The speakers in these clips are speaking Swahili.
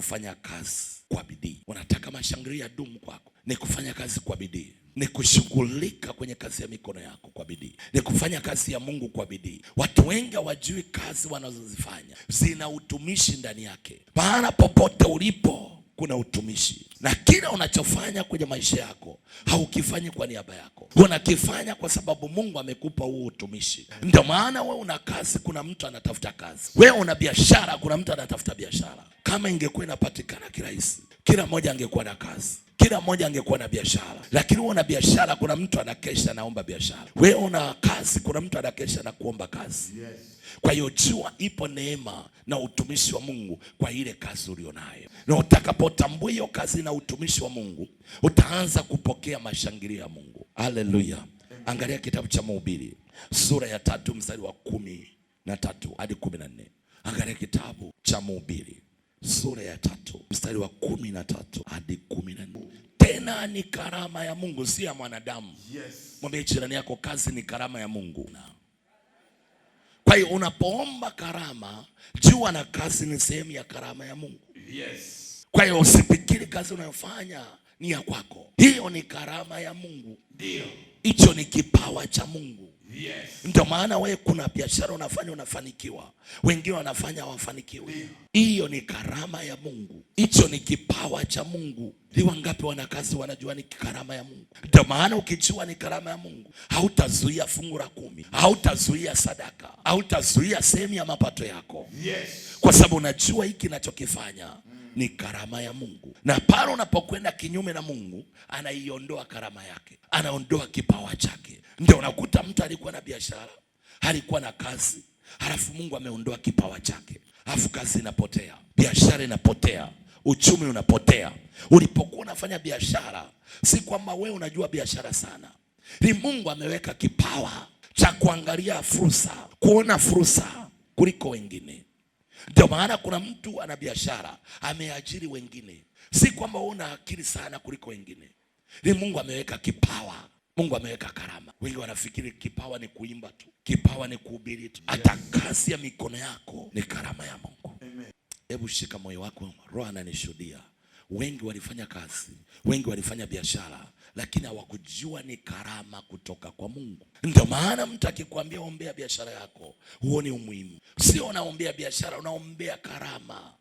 kufanya kazi kwa bidii. Unataka ya dumu kwako ni kufanya kazi kwa bidii, ni kushughulika kwenye kazi ya mikono yako kwa bidii, ni kufanya kazi ya Mungu kwa bidii. Watu wengi hawajui kazi wanazozifanya zina utumishi ndani yake. Maana popote ulipo kuna utumishi, na kila unachofanya kwenye maisha yako haukifanyi kwa niaba yako, unakifanya kwa sababu Mungu amekupa huu utumishi. Ndio maana wewe una kazi, kuna mtu anatafuta kazi, Wewe una biashara, kuna mtu anatafuta biashara. Kama ingekuwa inapatikana kirahisi, kila mmoja angekuwa na kazi kila mmoja angekuwa na biashara, lakini wewe una biashara, kuna mtu anakesha naomba biashara. Wewe una kazi, kuna mtu anakesha na kuomba kazi. Yes. Kwa hiyo jua ipo neema na utumishi wa Mungu kwa ile kazi ulionayo, na utakapotambua hiyo kazi na utumishi wa Mungu utaanza kupokea mashangilio ya Mungu. Haleluya! Angalia kitabu cha Mhubiri sura ya tatu mstari wa kumi na tatu hadi kumi na nne. Angalia kitabu cha Mhubiri sura ya tatu mstari wa kumi na tatu hadi kumi na nne. Tena ni karama ya Mungu, si ya mwanadamu. Yes. Mwambie jirani yako, kazi ni karama ya Mungu. Kwa hiyo unapoomba karama, jua na kazi ni sehemu ya karama ya Mungu. Yes. Kwa hiyo usifikiri kazi unayofanya ni ya kwako, hiyo ni karama ya Mungu. Ndio. Hicho ni kipawa cha Mungu. Ndio maana we kuna biashara unafanya unafanikiwa, wengine wanafanya hawafanikiwi. Hiyo ni karama ya Mungu, hicho ni kipawa cha Mungu. Ni wangapi wanakazi wanajua ni karama ya Mungu? Ndio maana ukijua ni karama ya Mungu, hautazuia fungu la kumi, hautazuia sadaka, hautazuia sehemu ya mapato yako. Yes. Kwa sababu unajua hiki nachokifanya ni karama ya Mungu, na pale unapokwenda kinyume na Mungu anaiondoa karama yake, anaondoa kipawa chake. Ndio unakuta mtu alikuwa na biashara, alikuwa na kazi, halafu Mungu ameondoa kipawa chake, alafu kazi inapotea, biashara inapotea, uchumi unapotea. Ulipokuwa unafanya biashara, si kwamba wewe unajua biashara sana, ni Mungu ameweka kipawa cha kuangalia fursa, kuona fursa kuliko wengine. Ndio maana kuna mtu ana biashara ameajiri wengine, si kwamba una akili sana kuliko wengine, ni Mungu ameweka kipawa, Mungu ameweka karama. Wengi wanafikiri kipawa ni kuimba tu, kipawa ni kuhubiri tu. Hata kazi ya mikono yako ni karama ya Mungu. Hebu shika moyo wako, Roho ananishuhudia Wengi walifanya kazi, wengi walifanya biashara, lakini hawakujua ni karama kutoka kwa Mungu. Ndio maana mtu akikwambia ombea biashara yako, huo ni umuhimu. Sio unaombea biashara, unaombea karama.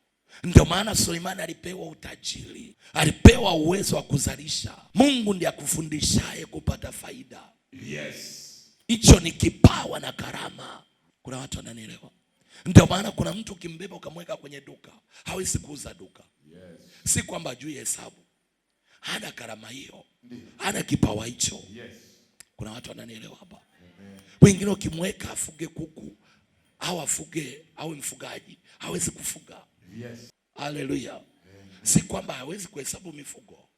Ndio maana Sulemani alipewa utajiri, alipewa uwezo wa kuzalisha. Mungu ndiye akufundishaye kupata faida. Yes, hicho ni kipawa na karama. Kuna watu wananielewa? Ndio maana kuna mtu ukimbeba ukamweka kwenye duka hawezi kuuza duka. Yes si kwamba juu ya hesabu, hana karama hiyo, hana kipawa hicho. Kuna watu wananielewa hapa. Wengine ukimweka afuge kuku au afuge awe mfugaji, hawezi kufuga. Haleluya! si kwamba hawezi kuhesabu mifugo,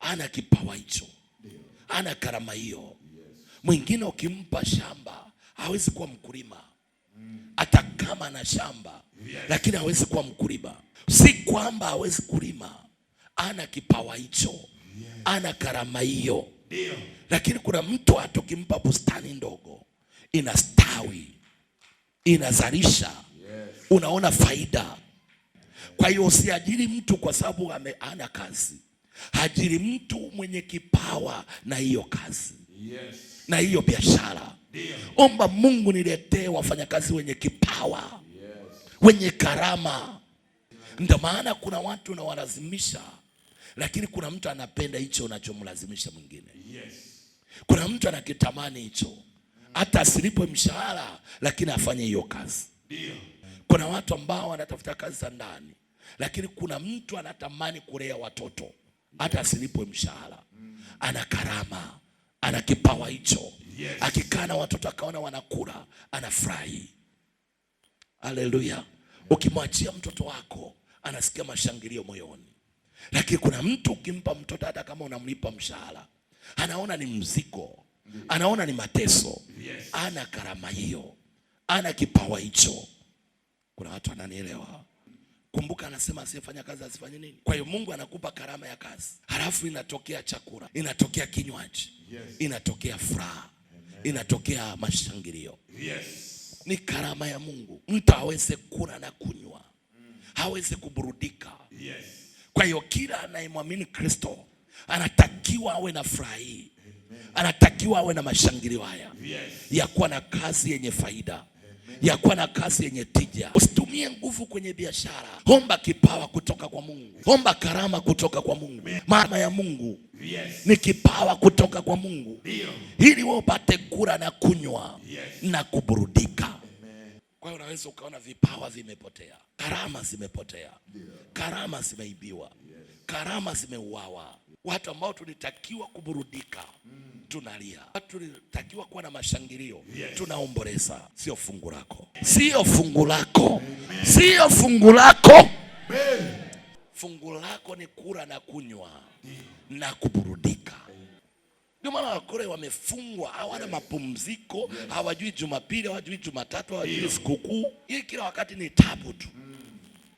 ana kipawa hicho, ana karama hiyo. Mwingine ukimpa shamba hawezi kuwa mkulima ata kama ana shamba yes, lakini hawezi kuwa mkulima. Si kwamba hawezi kulima, ana kipawa hicho yes, ana karama hiyo, lakini kuna mtu hatukimpa bustani ndogo, inastawi inazalisha, yes, unaona faida. Kwa hiyo usiajiri mtu kwa sababu ana kazi, ajiri mtu mwenye kipawa na hiyo kazi yes, na hiyo biashara Omba Mungu, niletee wafanyakazi wenye kipawa, wenye karama. Ndio maana kuna watu unawalazimisha, lakini kuna mtu anapenda hicho unachomlazimisha mwingine. Kuna mtu anakitamani hicho, hata asilipwe mshahara, lakini afanye hiyo kazi. Kuna watu ambao wanatafuta kazi za ndani, lakini kuna mtu anatamani kulea watoto hata asilipwe mshahara. Ana karama, ana kipawa hicho yes. Akikaa na watoto akaona wanakula anafurahi. Haleluya! Ukimwachia mtoto wako anasikia mashangilio moyoni, lakini kuna mtu ukimpa mtoto hata kama unamlipa mshahara anaona ni mzigo, anaona ni mateso. Yes. Ana karama hiyo, ana kipawa hicho. Kuna watu ananielewa? Kumbuka anasema asiyefanya kazi asifanye nini? Kwa hiyo Mungu anakupa karama ya kazi, halafu inatokea chakula, inatokea kinywaji. Yes. Inatokea furaha inatokea mashangilio yes. Ni karama ya Mungu, mtu aweze kula na kunywa mm. aweze kuburudika yes. Kwa hiyo kila anayemwamini Kristo anatakiwa awe na furaha hii, anatakiwa awe na mashangilio haya yes. ya kuwa na kazi yenye faida ya kuwa na kazi yenye tija. Usitumie nguvu kwenye biashara, omba kipawa kutoka kwa Mungu, omba karama kutoka kwa Mungu, mama ya Mungu yes. Ni kipawa kutoka kwa Mungu ili wewe upate kula na kunywa yes. na kuburudika. Kwa hiyo unaweza ukaona vipawa vimepotea, karama zimepotea, karama zimeibiwa, karama zimeuawa. Watu ambao tulitakiwa kuburudika mm. tunalia, watu tulitakiwa kuwa na mashangilio tunaomboleza. Sio fungu lako, sio fungu lako, sio fungu lako. Fungu lako ni kula na kunywa na kuburudika. Ndio maana wakore wamefungwa, hawana mapumziko, hawajui Jumapili, hawajui Jumatatu, hawajui sikukuu. Hii kila wakati ni tabu tu.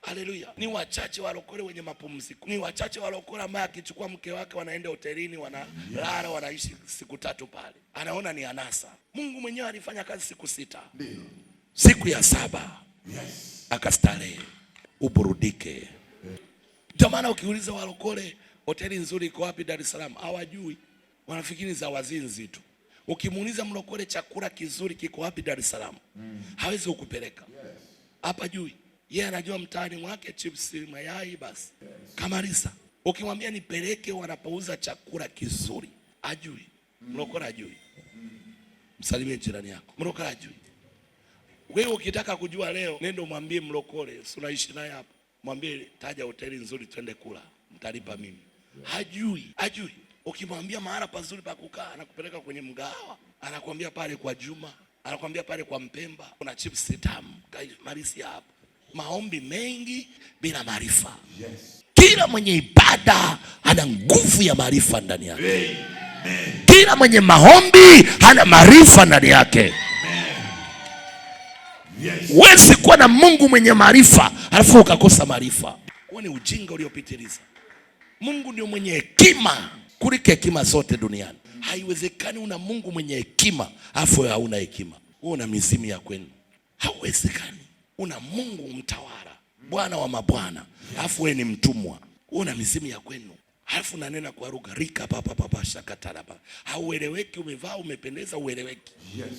Haleluya! Ni wachache walokole wenye mapumziko, ni wachache walokole ambaye akichukua mke wake wanaenda hotelini, wanalala, wanaishi siku tatu pale, anaona ni anasa. Mungu mwenyewe alifanya kazi siku sita, siku ya saba yes, akastarehe, uburudike. Eh. Ndio maana ukiuliza walokole hoteli nzuri iko wapi Dar es Salaam? Hawajui, wanafikiri za wazinzi tu. Ukimuuliza mlokole chakula kizuri kiko wapi Dar es Salaam, mm. hawezi kukupeleka hapa yes. Jui yeye anajua mtaani mwake chips, mayai basi yes. Kamarisa ukimwambia nipeleke wanapouza chakula kizuri ajui, mlokole ajui. mm. Msalimie jirani yako, mlokole ajui. Wewe ukitaka kujua leo, nenda mwambie mlokole, si unaishi naye hapa, mwambie taja hoteli nzuri, twende kula, mtalipa mimi hajui, hajui. Ukimwambia mahala pazuri pa kukaa, anakupeleka kwenye mgahawa, anakuambia pale kwa Juma, anakuambia pale kwa Mpemba kuna chips tamu, marisi hapo. Maombi mengi bila maarifa. Yes. Kila mwenye ibada ana nguvu ya maarifa ndani yake. Amen. Kila mwenye maombi ana maarifa ndani yake. Yes. kuwa na Mungu mwenye maarifa alafu ukakosa maarifa, huo ni ujinga uliopitiliza. Mungu ndio mwenye hekima kuliko hekima zote duniani. Haiwezekani una Mungu mwenye hekima afu hauna hekima. Wewe una mizimu ya kwenu, hauwezekani. Una Mungu mtawala, Bwana wa mabwana, afu wewe ni mtumwa. Wewe una mizimu ya kwenu, alafu nanena kwa lugha rika papa papa shakataraba, haueleweki. Umevaa umependeza, ueleweki. Yes,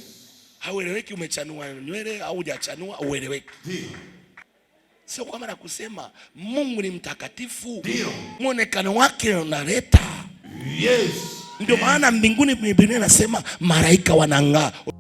haueleweki. Umechanua nywele au hujachanua, ueleweki. Ndio. Sio kwamba kusema Mungu ni mtakatifu, ndio mwonekano wake unaleta yes. Ndio maana mbinguni, Biblia inasema malaika wanang'aa.